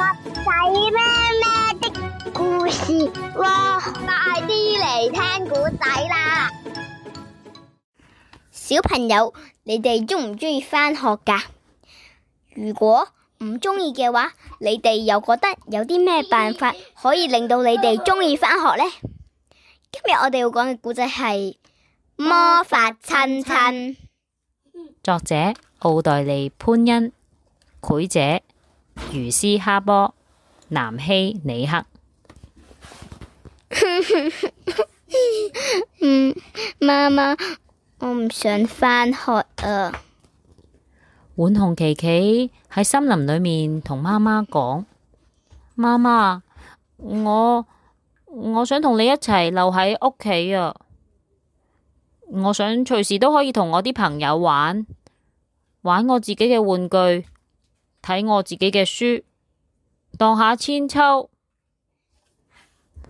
仔咩咩的故事喎，快啲嚟聽古仔啦！小朋友，你哋中唔中意返學噶？如果唔中意嘅話，你哋又覺得有啲咩辦法可以令到你哋中意返學呢？今日我哋要講嘅古仔係魔法親親，作者奧黛莉潘恩，繪者。茹絲哈波、南西理克。 嗯，媽媽，我唔想返學啊。浣熊琪琪喺森林裏面同媽媽講，媽媽，我我想同你一齊留喺屋企啊！我想隨時都可以同我啲朋友玩，玩我自己嘅玩具。睇我自己嘅書，盪下鞦韆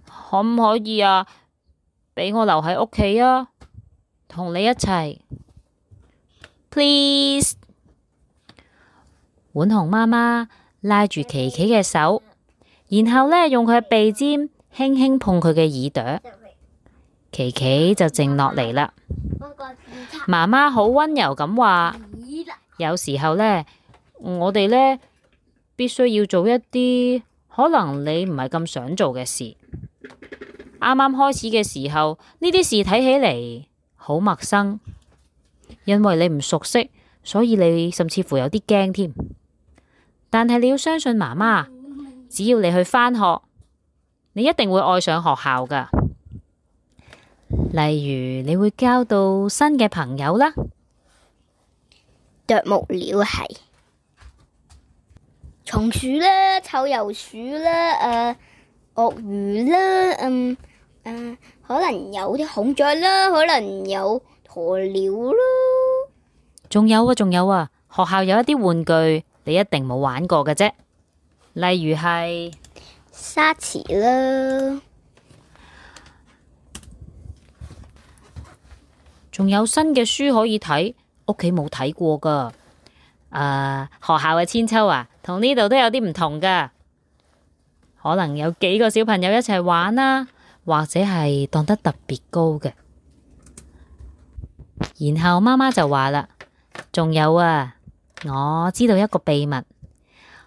可唔可以啊？俾我留喺屋企啊，同你一齊，please。浣熊媽媽拉住琪琪嘅手，然後呢，用佢鼻尖輕輕碰佢嘅耳朵，琪琪就靜落嚟啦。媽媽好溫柔咁話，「有時候呢。」我哋呢必須要做一啲可能你唔係咁想做嘅事。啱啱開始嘅時候，呢啲事睇起嚟好陌生，因為你唔熟悉，所以你甚至乎有啲驚添。但係你要相信媽媽，只要你去返學，你一定會愛上學校㗎。例如你會交到新嘅朋友啦，啄木鳥係。松鼠啦，臭鼬鼠啦，誒、呃，鱷魚啦，嗯、呃，誒、呃，可能有啲孔雀啦，可能有鴕鳥啦，仲有啊，仲有啊，學校有一啲玩具，你一定冇玩過㗎啫，例如係沙池啦，仲有新嘅書可以睇，屋企冇睇過㗎，誒、啊，學校嘅韆鞦啊。同呢度都有啲唔同㗎，可能有幾個小朋友一齊玩啦，或者係盪得特別高嘅。然後媽媽就話啦，仲有啊，我知道一個秘密，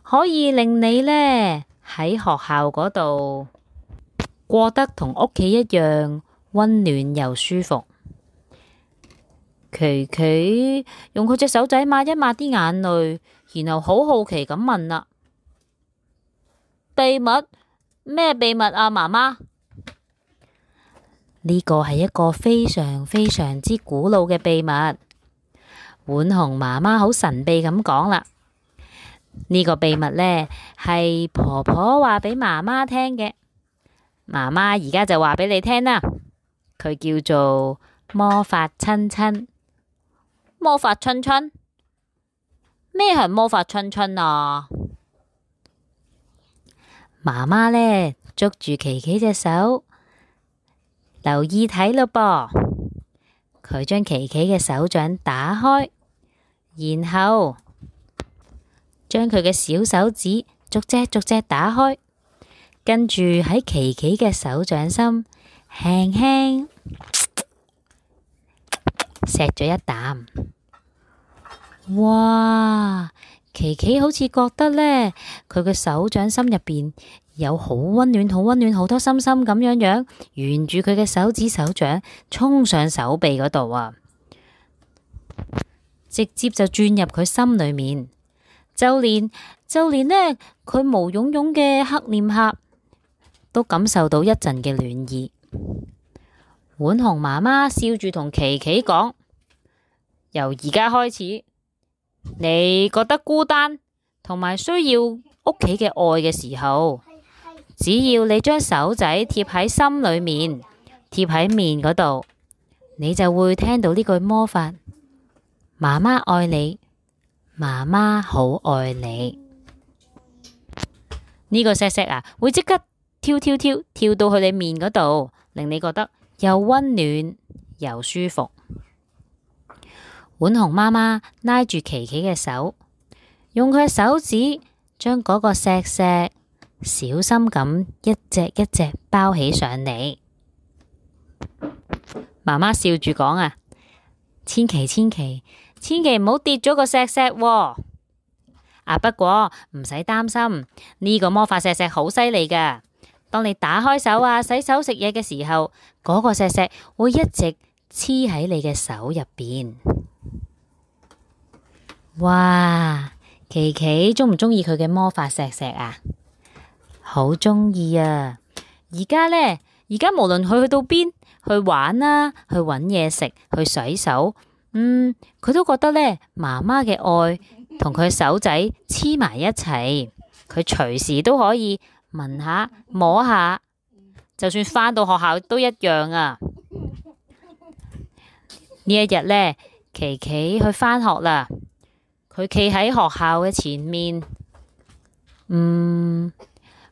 可以令你呢喺學校嗰度過得同屋企一樣溫暖又舒服。奇奇用佢隻手仔抹一抹啲眼淚，然後好好奇咁問啦、啊：秘密？咩秘密啊？媽媽？呢個係一個非常非常之古老嘅秘密。浣熊媽媽好神秘咁講啦，呢、這個秘密呢，係婆婆話俾媽媽聽嘅。媽媽而家就話俾你聽啦，佢叫做魔法親親。魔法親親？咩係魔法親親啊？媽媽呢，捉住琪琪隻手，留意睇嘞噃。佢將琪琪嘅手掌打開，然後將佢嘅小手指逐隻逐隻打開，跟住喺琪琪嘅手掌心輕輕。錫咗一啖。哇！琪琪好似覺得呢，佢嘅手掌心入邊有好溫暖、好溫暖、好多心心咁樣樣，沿住佢嘅手指、手掌衝上手臂嗰度啊，直接就轉入佢心裏面，就連就連呢，佢毛茸茸嘅黑臉頰都感受到一陣嘅暖意。浣熊媽媽笑住同奇奇講：由而家開始，你覺得孤單同埋需要屋企嘅愛嘅時候，只要你將手仔貼喺心裏面，貼喺面嗰度，你就會聽到呢句魔法：媽媽愛你，媽媽好愛你。呢、嗯嗯、個錫錫啊，會即刻跳跳跳跳到去你面嗰度，令你覺得，又溫暖又舒服，浣熊媽媽拉住琪琪嘅手，用佢手指將嗰個錫錫小心咁一隻一隻包起上嚟。媽媽笑住講啊，千祈千祈，千祈唔好跌咗個錫錫啊。啊，不過唔使擔心，呢、這個魔法錫錫好犀利噶。當你打開手啊、洗手、食嘢嘅時候，嗰個錫錫會一直黐喺你嘅手入邊。哇，琪琪中唔中意佢嘅魔法錫錫啊？好中意啊！而家呢，而家無論佢去到邊，去玩啦、啊，去揾嘢食，去洗手，嗯，佢都覺得呢，媽媽嘅愛同佢手仔黐埋一齊，佢隨時都可以。聞下，摸下，就算返到學校都一樣啊！呢一日呢，琪琪去返學啦。佢企喺學校嘅前面，嗯，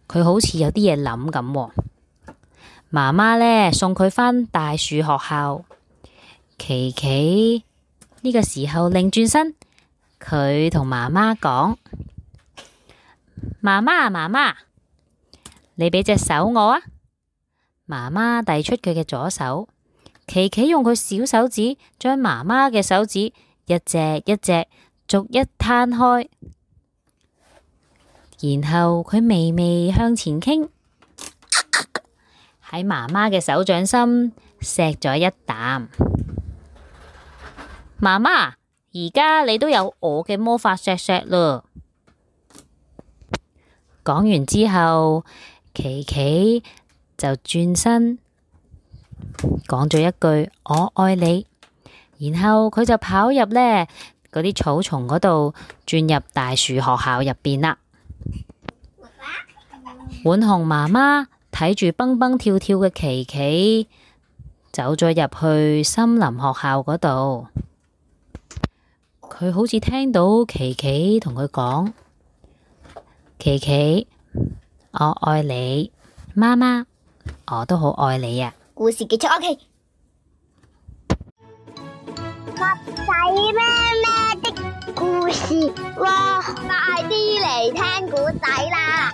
佢好似有啲嘢諗咁喔。媽媽呢，送佢返大樹學校。琪琪呢，呢個時候擰轉身，佢同媽媽講：，媽媽，媽媽。你俾隻手我啊！媽媽遞出佢嘅左手，奇奇用佢小手指將媽媽嘅手指一隻一隻逐一攤開，然後佢微微向前傾，喺媽媽嘅手掌心錫咗一啖。媽媽，而家你都有我嘅魔法錫錫咯！講完之後。奇奇就轉身講咗一句“我愛你”，然後佢就跑入呢嗰啲草叢嗰度，轉入大樹學校入邊啦。浣熊媽媽睇住蹦蹦跳跳嘅奇奇，走咗入去森林學校嗰度，佢好似聽到奇奇同佢講：奇奇。我愛你，媽媽，我都好愛你啊！故事結束，OK。襪仔咩咩的故事喎？快啲嚟聽古仔啦！